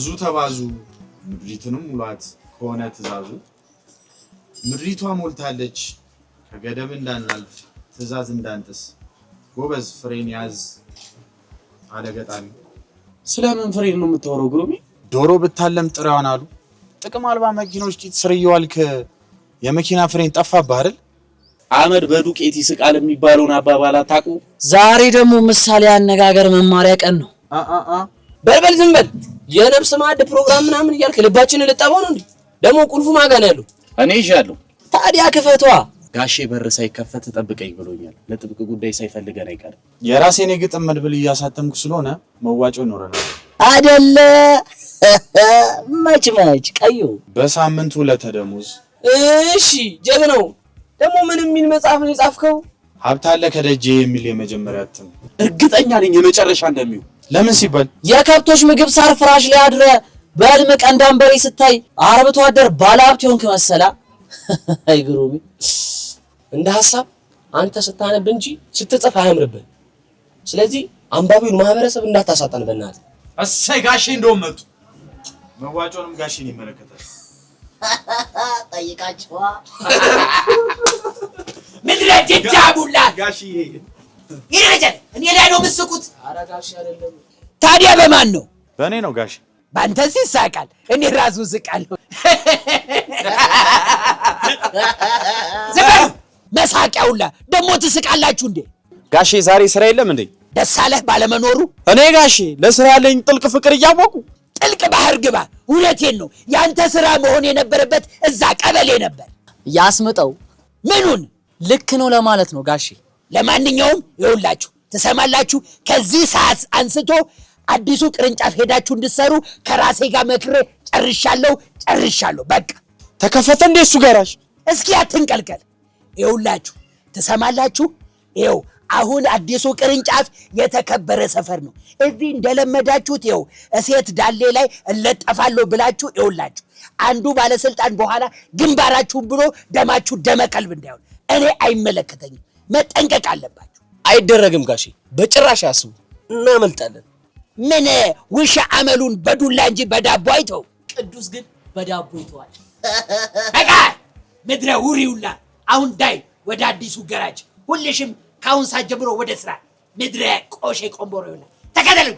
ብዙ ተባዙ ምድሪትንም ሙሏት ከሆነ ትእዛዙ ምድሪቷ ሞልታለች ከገደብ እንዳናልፍ ትእዛዝ እንዳንጥስ ጎበዝ ፍሬን ያዝ አለገጣሚ ስለምን ፍሬን ነው የምታወራው ግሩሜ ዶሮ ብታለም ጥራዋን አሉ ጥቅም አልባ መኪኖች ቂጥ ስር እየዋልክ የመኪና ፍሬን ጠፋብህ አይደል አመድ በዱቄት ይስቃል የሚባለውን አባባል አታውቁ ዛሬ ደግሞ ምሳሌ አነጋገር መማሪያ ቀን ነው በልበል ዝም በል። የነፍስ ማዕድ ፕሮግራም ምናምን እያልክ ልባችንን ልጠበው ነው እንዴ? ደግሞ ቁልፉ ማጋ ነው ያለው። እኔ ይዣለሁ። ታዲያ ክፈቷ። ጋሼ በር ሳይከፈት ተጠብቀኝ ብሎኛል። ለጥብቅ ጉዳይ ሳይፈልገን አይቀርም። የራሴን የግጥም መድብል እያሳተምኩ ስለሆነ መዋጮ ይኖረናል አደለ? መች መች ቀዩ በሳምንቱ ለተደሙዝ። ደሞዝ። እሺ ጀግናው ደግሞ ምን የሚል መጽሐፍ ነው የጻፍከው? ሀብታለ ከደጄ የሚል የመጀመሪያ እትም እርግጠኛ ነኝ የመጨረሻ እንደሚሆን። ለምን ሲባል የከብቶች ምግብ ሳር ፍራሽ ላይ አድረ በህልም ቀንዳም በሬ ስታይ አርብቶ አደር ባለሀብት ሆንክ መሰላ። አይ ግሩሜ፣ እንደ ሀሳብ አንተ ስታነብ እንጂ ስትጽፍ አያምርብን። ስለዚህ አንባቢውን ማህበረሰብ እንዳታሳጣን በእናት። እሰይ ጋሼ፣ እንደውም መጡ። መዋጮንም ጋሼን ይመለከታል። ጠይቃችኋ ምድረ ጀጃቡላ ይረጃል። እኔ ላይ ነው ምስቁት። ታዲያ በማን ነው? በእኔ ነው ጋሽ። በአንተ ይሳቃል፣ እኔ ራሱ ስቃለሁ። ዘበሩ መሳቂያውላ ደግሞ ትስቃላችሁ እንዴ? ጋሼ ዛሬ ስራ የለም እንዴ? ደስ አለህ ባለመኖሩ። እኔ ጋሼ ለስራ ያለኝ ጥልቅ ፍቅር እያወቁ ጥልቅ ባህር ግባ። እውነቴን ነው። ያንተ ስራ መሆን የነበረበት እዛ ቀበሌ ነበር። ያስምጠው ምኑን ልክ ነው ለማለት ነው ጋሺ ለማንኛውም ይውላችሁ ትሰማላችሁ፣ ከዚህ ሰዓት አንስቶ አዲሱ ቅርንጫፍ ሄዳችሁ እንድትሰሩ ከራሴ ጋር መክሬ ጨርሻለሁ ጨርሻለሁ። በቃ ተከፈተ እንደ እሱ ጋራሽ። እስኪ አትንቀልቀል። ይውላችሁ ትሰማላችሁ፣ ይው አሁን አዲሱ ቅርንጫፍ የተከበረ ሰፈር ነው። እዚህ እንደለመዳችሁት ይው እሴት ዳሌ ላይ እለጠፋለሁ ብላችሁ ይውላችሁ አንዱ ባለስልጣን በኋላ ግንባራችሁን ብሎ ደማችሁ ደመቀልብ እንዳይሆን እኔ አይመለከተኝም። መጠንቀቅ አለባችሁ። አይደረግም ጋሼ፣ በጭራሽ አስቡ። እናመልጣለን። ምን ውሻ አመሉን በዱላ እንጂ በዳቦ አይተው። ቅዱስ ግን በዳቦ ይተዋል። በቃ ምድረ ውሪውላ አሁን ዳይ ወደ አዲሱ ገራጅ ሁልሽም ከአሁን ሰዓት ጀምሮ ወደ ስራ ምድረ ቆሼ ቆንቦሮ ይሆናል። ተከተሉ።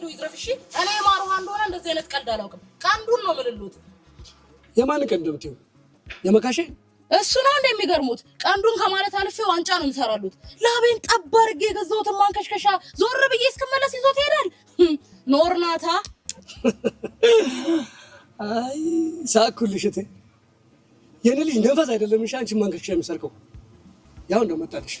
ሂዱ ይጥረፍ። እሺ እኔ ማር እንደሆነ እንደዚህ አይነት ቀልድ አላውቅም። ቀንዱን ነው የምልሉት። የማን ቀልድ ነው የመካሼ እሱ ነው እንደሚገርሙት። ቀንዱን ከማለት አልፌ ዋንጫ ነው የምሰራሉት። ላቤን ጠብ አድርጌ የገዛሁትን ማንከሽከሻ ዞር ብዬ እስክመለስ ይዞት ይሄዳል። ኖርናታ አይ ሳኩልሽ እቴ የኔ ልጅ ነፋስ አይደለም። እሺ አንቺን ማንከሽከሻ የሚሰርቀው ያው እንደመጣልሽ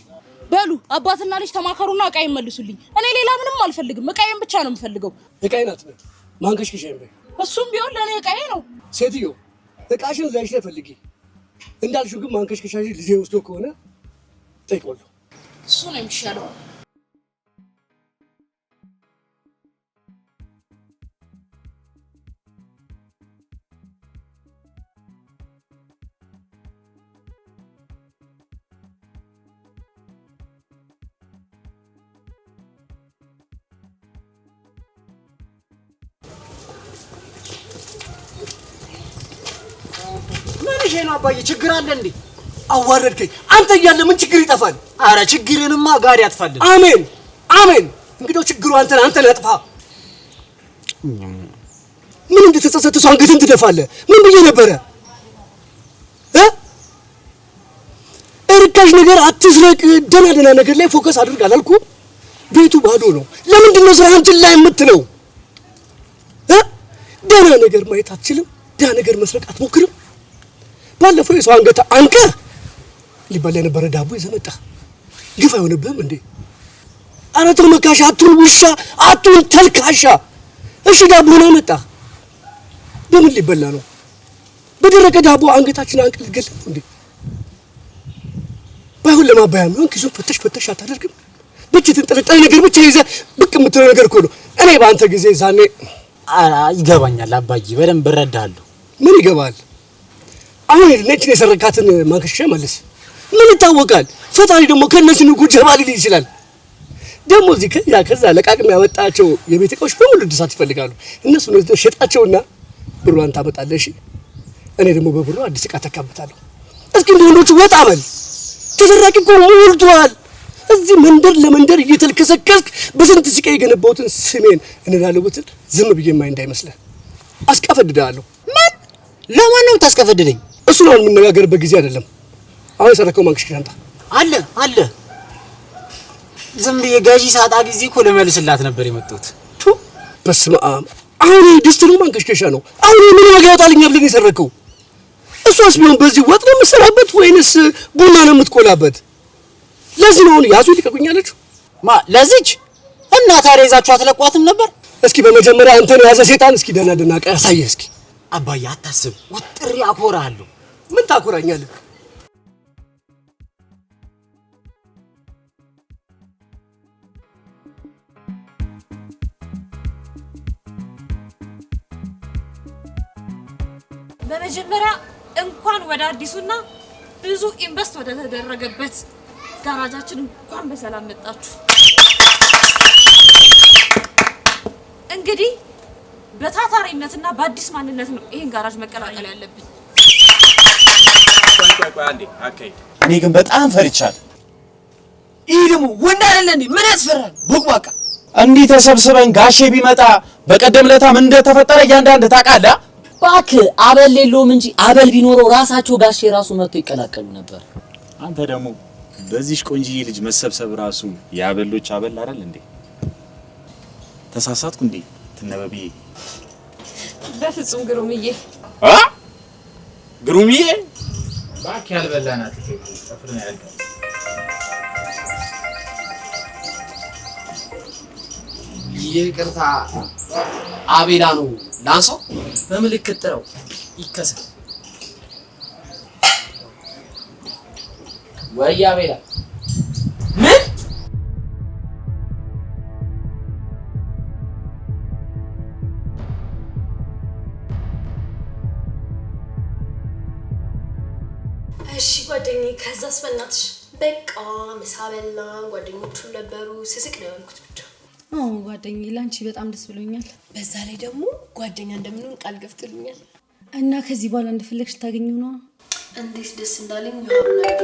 በሉ አባትና ልጅ ተማከሩና እቃዬን መልሱልኝ። እኔ ሌላ ምንም አልፈልግም፣ እቃዬን ብቻ ነው የምፈልገው። እቃዬን አትበል፣ ማንከሽከሻዬን በይ። እሱም ቢሆን ለእኔ እቃዬ ነው። ሴትዮ እቃሽን ዛይሽ ፈልጊ፣ እንዳልሽው ግን ማንከሽ ማንከሽከሻሽ ልጄ ወስዶ ከሆነ ጠይቆለሁ። እሱ ነው የሚሻለው። ይሄ ነው አባዬ? ችግር አለ እንዴ? አዋረድከኝ። አንተ እያለ ምን ችግር ይጠፋል? አረ ችግርንማ ጋር ያጥፋልን። አሜን አሜን። እንግዲያው ችግሩ አንተ አንተ ያጥፋ። ምን እንድትጸጸት ሰው አንገትን ትደፋለህ። ምን ብዬ ነበረ? እርካሽ ነገር አትስረቅ፣ ደህና ደህና ነገር ላይ ፎከስ አድርግ አላልኩ? ቤቱ ባዶ ነው። ለምንድን ነው ስራህን ላይ የምትለው? ደህና ነገር ማየት አትችልም? ደህና ነገር መስረቅ አትሞክርም? ባለፈው የሰው አንገት አንቀህ ሊበላ የነበረ ዳቦ ይዘህ መጣህ። ግፍ አይሆንብህም እንዴ? ኧረ ተልመካሻ አቱን ውሻ አቱን ተልካሻ። እሺ ነው መጣ በምን ሊበላ ነው? በደረቀ ዳቦ አንገታችን አንቅ ልትገል እንዴ? ባይሆን ለማባያ የሚሆን ኪሱን ፈተሽ ፈተሽ አታደርግም? ብቻ የተንጠለጠለ ነገር ብቻ ይዘ ብቅ የምትለው ነገር እኮ ነው። እኔ በአንተ ጊዜ ዛኔ ይገባኛል አባዬ፣ በደንብ እረዳሃለሁ። ምን ይገባል? አሁን ነችን የሰረካትን ማንከሻ መልስ ምን ይታወቃል። ፈጣሪ ደግሞ ከነሱ ንጉ ጀባ ሊል ይችላል። ደግሞ እዚህ ከዛ ከዛ ለቃቅም ያወጣቸው የቤት እቃዎች በሙሉ እድሳት ይፈልጋሉ። እነሱ ነው ሸጣቸውና ብሯን ታመጣለሽ፣ እኔ ደግሞ በብሩ አዲስ እቃ ተካበታለሁ። እስኪ እንደ ወንዶቹ ወጣ በል። ተሰራቂ እኮ ሞልቷል። እዚህ መንደር ለመንደር እየተልከሰከስክ በስንት ሲቀ የገነባሁትን ስሜን እንላለሁትን ዝም ብዬ ማይ እንዳይመስለ አስቀፈድዳለሁ። ምን ለማን ነው ታስቀፈድደኝ? እሱን አሁን የምነጋገርበት ጊዜ አይደለም። አሁን የሰረከው ማንክሽክሽ አምጣ። አለ አለ ዝም ብዬ ጋዢ ሳጣ ጊዜ እኮ ልመልስላት ነበር የመጣሁት። ቱ በስመ አብ! አሁን ድስት ነው ማንከሽከሻ ነው። አሁን ምን ዋጋ ያወጣልኛል ብለን የሰረከው። እሷስ ቢሆን በዚህ ወጥ ነው የምትሰራበት ወይንስ ቡና ነው የምትቆላበት? ለዚህ ነው ያዙ ልቀቁኝ ማ ለዚች እና ታዲያ ይዛችሁ አትለቋትም ነበር? እስኪ በመጀመሪያ አንተን የያዘ ሰይጣን እስኪ ደህና ደህና ቀ ያሳየህ እስኪ። አባዬ አታስብ፣ ወጥሬ አኮራሃለሁ ምን ታኩራኛለህ? በመጀመሪያ እንኳን ወደ አዲሱና ብዙ ኢንቨስት ወደ ተደረገበት ጋራጃችን እንኳን በሰላም መጣችሁ። እንግዲህ በታታሪነትና በአዲስ ማንነት ነው ይህን ጋራጅ መቀላቀል ያለብን። እኔ ግን በጣም ፈርቻለሁ። ይህ ደግሞ ወንድ አይደለ እንዴ? ምን ያስፈራል? ቡቅ እንዲህ ተሰብስበን ጋሼ ቢመጣ በቀደም ለታ እንደተፈጠረ እያንዳንድ ታውቃለህ። እባክህ አበል የለውም እንጂ አበል ቢኖረው ራሳቸው ጋሼ ራሱ መጥቶ ይቀላቀሉ ነበር። አንተ ደግሞ በዚህ ቆንጂዬ ልጅ መሰብሰብ ራሱ የአበሎች አበል አይደል እንዴ? ተሳሳትኩ እንዴ? ትነበብዬ፣ በፍጹም ግሩምዬ እ ግሩምዬ ባክ ያልበላናት ጥፍር ነው ያለው። ይቅርታ አቤላ ነው ላንሶ በምልክት ጥረው ይከሰል ወይ አቤላ ተስፋ በቃ ምሳ በላን፣ ጓደኞቹ ነበሩ። ስስቅ ነው ያልኩት ብቻ። አዎ ጓደኛዬ፣ ለአንቺ በጣም ደስ ብሎኛል። በዛ ላይ ደግሞ ጓደኛ እንደምንሆን ቃል ገብቶልኛል እና ከዚህ በኋላ እንደፈለግሽ ልታገኘው ነው? እንዴት ደስ እንዳለኝ ይሆናል።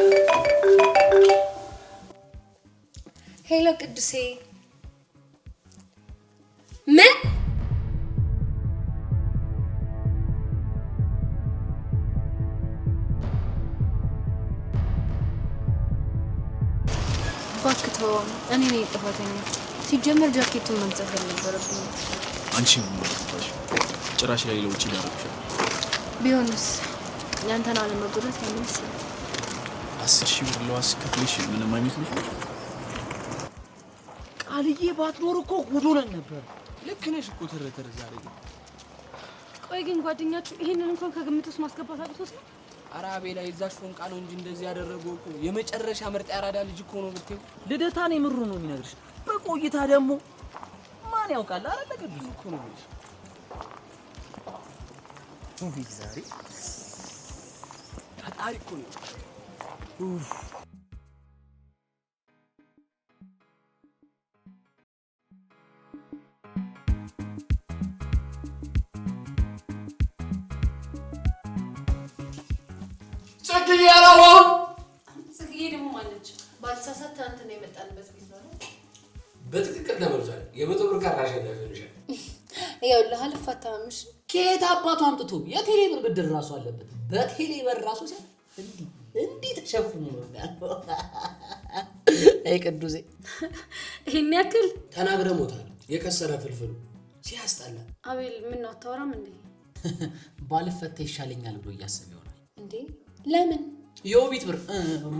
ሄሎ ቅዱሴ ምን እኔ ነኝ ጥፋተኛ። ሲጀመር ጃኬቱን መግዛት ያልነበረብኝ አንቺ ነሽ። ጭራሽ ላይ ለውጭ ዳረግሽ። ቢሆንስ ያንተን አለመጎዳት ያንስ አስር ሺህ ብር ለዋስ ከፍለሽ ምንም አይመስልሽም? ቃልዬ ባትኖር እኮ ጉድ ነበር። ልክ ነሽ እኮ ተረተረ። ዛሬ ቆይ ግን ጓደኛችሁ ይህንን እንኳን ከግምት ውስጥ ማስገባት አቅቶት ነው አራቤ ላይ እዛ ፎንቃ ነው እንጂ እንደዚህ ያደረገው እኮ የመጨረሻ ምርጥ ያራዳ ልጅ እኮ ነው ብትይው፣ ልደታ ነው የምሩ ነው የሚነግርሽ። በቆይታ ደግሞ ማን ያውቃል? አረ ነገር ብዙ እኮ ነው ልጅ ዛሬ ፈጣሪ እኮ ነው ጽጌ ያላሆን ጽጌ ደግሞ ማለች ባልሳሳት ትናንት ነው የመጣንበት ቤት ነው። በትክክል ተመልሷል። የመቶ ብር ካራሽ ያለፍንሻል። ይኸውልህ አልፋታምሽ። ከየት አባቱ አምጥቶ የቴሌ ብር ብድር ራሱ አለበት። በቴሌ ብር ራሱ ሲያ እንዲህ ተሸፍኑ ነው ቅዱሴ፣ ይህን ያክል ተናግረ ሞታል። የከሰረ ፍልፍሉ ሲያስጠላ። አቤል ምን ነው አታወራም እንዴ? ባልፈታ ይሻለኛል ብሎ እያሰብ ይሆናል እንዴ ለምን የውቢት ብር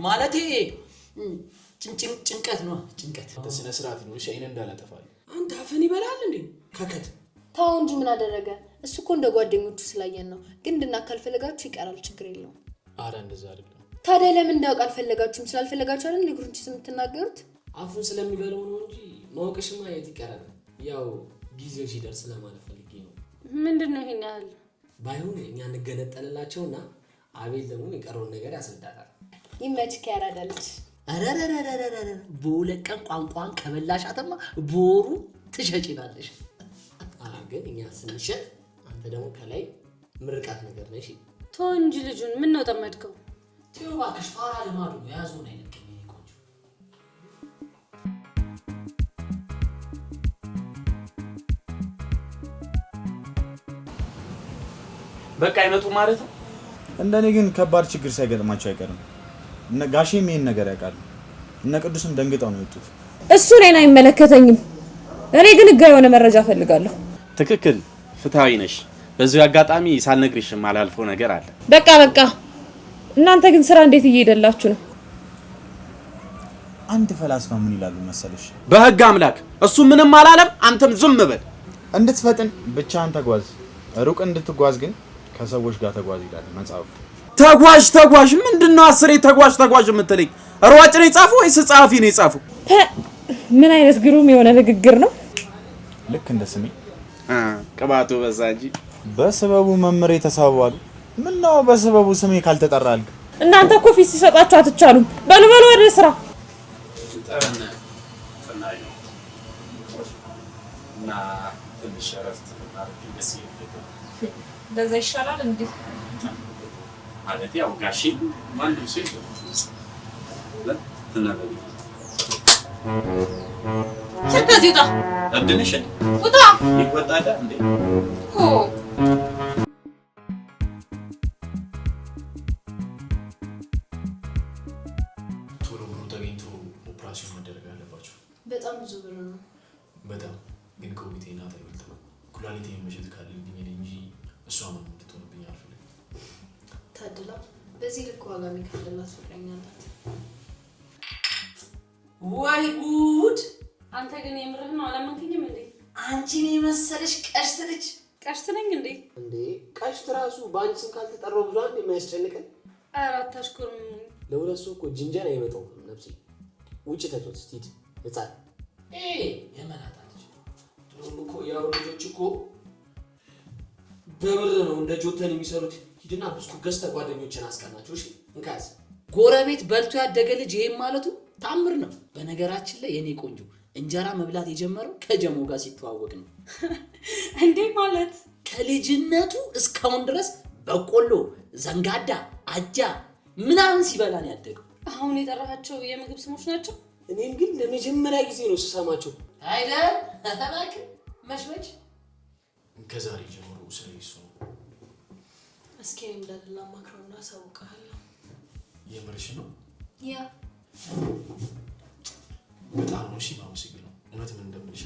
ማለቴ ጭንቀት ነው። ጭንቀት ስነ ስርዓት ነው። እሺ አይነ እንዳላጠፋ አንተ አፈን ይበላል እንዴ? ከከት ተው እንጂ ምን አደረገ እሱ እኮ እንደ ጓደኞቹ ስላየን ነው። ግን እንድናካል ፈለጋችሁ ይቀራል፣ ችግር የለው አረ እንደዛ አይደለም። ታዲያ ለምን እንዳውቅ አልፈለጋችሁም? ስላልፈለጋችሁ አይደል ንግሩንች የምትናገሩት? አፉን ስለሚበለው ነው እንጂ ማወቅሽማ የት ይቀራል። ያው ጊዜው ሲደርስ ለማለት ፈልጌ ነው። ምንድን ነው ይሄን ያህል ባይሆን እኛ እንገነጠልላቸውና አቤል ደግሞ የቀረውን ነገር ያስረዳታል። ይመች ያራዳለች። በሁለት ቀን ቋንቋን ከበላሻትማ በወሩ ትሸጪናለሽ። ግን እኛ ስንሸጥ አንተ ደግሞ ከላይ ምርቃት ነገር ነሽ። ተው እንጂ ልጁን ምን ነው ጠመድከው? እባክሽ ፋራ ልማዱ የያዙ አይነት በቃ አይመጡ ማለት ነው እንደኔ ግን ከባድ ችግር ሳይገጥማቸው አይቀርም። ጋሼም ይሄን ነገር ያውቃል። እነ ቅዱስም ደንግጠው ነው የወጡት። እሱ እኔን አይመለከተኝም። እኔ ግን ህጋ የሆነ መረጃ ፈልጋለሁ። ትክክል፣ ፍትሐዊ ነሽ። በዚሁ አጋጣሚ ሳልነግርሽ ማላልፈው ነገር አለ። በቃ በቃ። እናንተ ግን ስራ እንዴት እየሄደላችሁ ነው? አንድ ፈላስፋ ምን ይላሉ መሰለሽ? በህግ አምላክ እሱ ምንም አላለም፣ አንተም ዝም በል። እንድትፈጥን ብቻህን ተጓዝ፣ ሩቅ እንድትጓዝ ግን ከሰዎች ጋር ተጓዥ ይላል መጽሐፉ። ተጓዥ ተጓዥ ምንድን ነው? አስሬ ተጓዥ ተጓዥ የምትለኝ ሯጭ ነው የጻፈው ወይስ ጸሐፊ ነው የጻፈው? ምን አይነት ግሩም የሆነ ንግግር ነው። ልክ እንደ ስሜ ቅባቱ በዛ እንጂ በስበቡ መምሬ የተሳቡ አሉ። ምነው በስበቡ ስሜ ካልተጠራ አልክ። እናንተ እኮ ፊት ሲሰጣችሁ አትቻሉም። በሉ በሉ ወደ ስራ እና ትንሽ ረፍት እንደዛ ይሻላል እንዴ? ማለት ያው ጋሺ ማንም ሰው ቶሎ ብሎ ተገኝቶ ኦፕራሲዮን መደረግ አለባቸው። በጣም ብዙ ብር ነው። በጣም ግን ከውቢቴ ናት አይበልጥም። ኩላሊቴ መሸት ካለ እንጂ እሷ ነው እንድትሆንብኝ አልፈልግም። ታድላ በዚህ ልክ ዋጋ የሚከፍልና ፍቅረኛ ናት። ወይ ጉድ! አንተ ግን የምርህ ነው? አላመንክኝም እንዴ? አንቺን የመሰለሽ ቀሽት ልጅ። ቀሽት ነኝ እንዴ? እንዴ ቀሽት ራሱ በአንቺ ስም ካልተጠራው ብዙ አንድ የሚያስጨንቀን። ኧረ ለሁለት ሰው እኮ ጅንጀን አይመጣውም። ነፍሴ ውጭ ተቶት ስትሄድ ህፃን የመናታ ልጅ እኮ ያው ልጆች እኮ በብር ነው እንደ ጆተን የሚሰሩት። ሂድና ብስኩት ገዝተህ ጓደኞችን አስቀናቸው። እሺ እንካያዝ ጎረቤት በልቶ ያደገ ልጅ ይሄም ማለቱ ታምር ነው። በነገራችን ላይ የኔ ቆንጆ እንጀራ መብላት የጀመረው ከጀሞ ጋር ሲተዋወቅ ነው። እንዴ ማለት ከልጅነቱ እስካሁን ድረስ በቆሎ፣ ዘንጋዳ፣ አጃ ምናምን ሲበላ ያደገው። አሁን የጠራቸው የምግብ ስሞች ናቸው። እኔም ግን ለመጀመሪያ ጊዜ ነው ስሰማቸው። አይደል መሽመች ከዛሬ ጀምሮ ስለሱ እስኪ እኔ እንዳልላ አሳውቅሃለሁ። የምርሽ ነው? ያ በጣም ነው። እሺ ማመሰግነው። እውነት ምን እንደምልሽ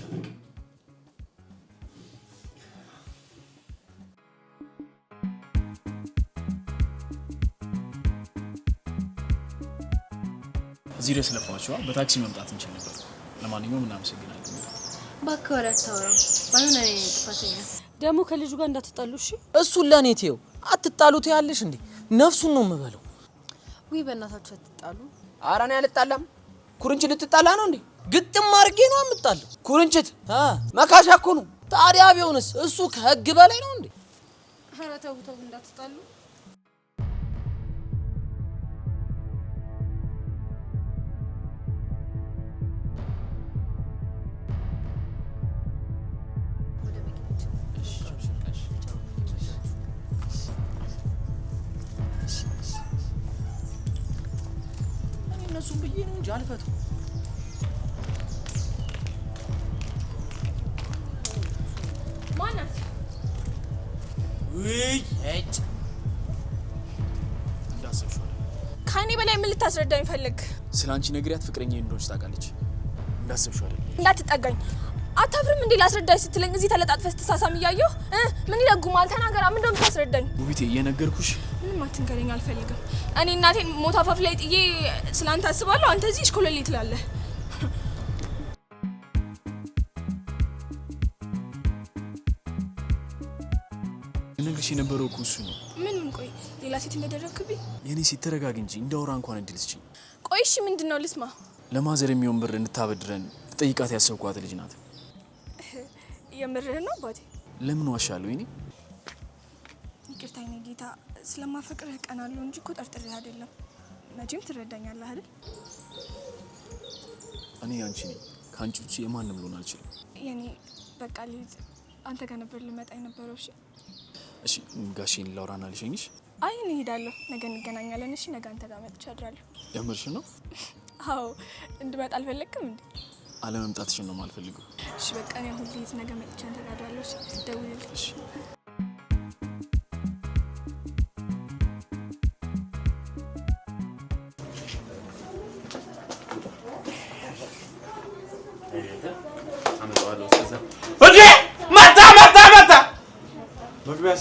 እዚህ ድረስ በታክሲ መምጣት እንችል ነበር። ለማንኛውም እናመሰግናለን። እባክህ ወሬ ባይሆን እኔ ጥፋተኛ ደግሞ ከልጁ ጋር እንዳትጣሉ እሺ። እሱን ለእኔ ትየው፣ አትጣሉት ያለሽ እንዴ? ነፍሱን ነው የምበለው። ውይ በእናታችሁ አትጣሉ። ኧረ እኔ አልጣላም። ኩርንችት ልትጣላ ነው እንዴ? ግጥም አድርጌ ነው የምጣለው። ኩርንችት መካሻ እኮ ነው። ታዲያ ቢሆንስ እሱ ከህግ በላይ ነው እንዴ? ኧረ ተው ተው እንዳትጣሉ። እንድትረዳኝ ፈልግ። ስለ አንቺ ነግሪያት ፍቅረኛ እንደሆነች ታውቃለች። እንዳስብሽው አይደል? እንዳትጠጋኝ አታፍርም እንዴ? ላስረዳኝ ስትለኝ እዚህ ተለጣጥፈሽ ተሳሳም እያየሁ ምን ይለጉማል? ተናገራ፣ ምን ታስረዳኝ። ውቢቴ፣ እየነገርኩሽ ምንም አትንገረኝ፣ አልፈልግም። እኔ እናቴን ሞት አፋፍ ላይ ጥዬ ስለ አንተ አስባለሁ፣ አንተ እዚህ እሽኮለሌ ትላለህ። የነበረው እኮ እሱ ነው። ምንም ቆይ፣ ሌላ ሴት እንደደረግክብኝ የኔ ሴት ተረጋግ እንጂ እንዳውራ እንኳን እድል ስጭኝ። ቆይ እሺ፣ ምንድን ነው ልስማ። ለማዘር የሚሆን ብር እንድታበድረን ጠይቃት ያሰብኳት ልጅ ናት። የምርህን ነው አባቴ? ለምን ዋሻለሁ? ይኔ ይቅርታ ጌታ፣ ስለማፈቅርህ ቀናለሁ እንጂ እኮ ጠርጥሬህ አይደለም። መቼም ትረዳኛለህ አይደል? እኔ አንቺ ነኝ ከአንቺ ውጭ የማንም ልሆን አልችልም። የኔ በቃ ልሂድ። አንተ ጋር ነበር ልመጣ የነበረው። እሺ እሺ ጋሽን ላውራና ልሸኝሽ። አይ እኔ እሄዳለሁ፣ ነገ እንገናኛለን። እሺ ነገ አንተ ጋር መጥቼ አድራለሁ። የምርሽ ነው? አዎ እንድመጣ አልፈለግክም እንዴ? አለመምጣትሽን ነው የማልፈልገው። እሺ በቃ እኔ ሁሉ ልሂድ፣ ነገ መጥቼ አንተ ጋር አድራለሁ። እሺ ደውልልኝ።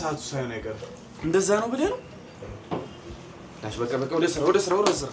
ሰዓቱ ሳይሆን አይቀርም። እንደዛ ነው ብለህ ነው? ዳሽ በቃ በቃ፣ ወደ ስራ ወደ ስራ ወደ ስራ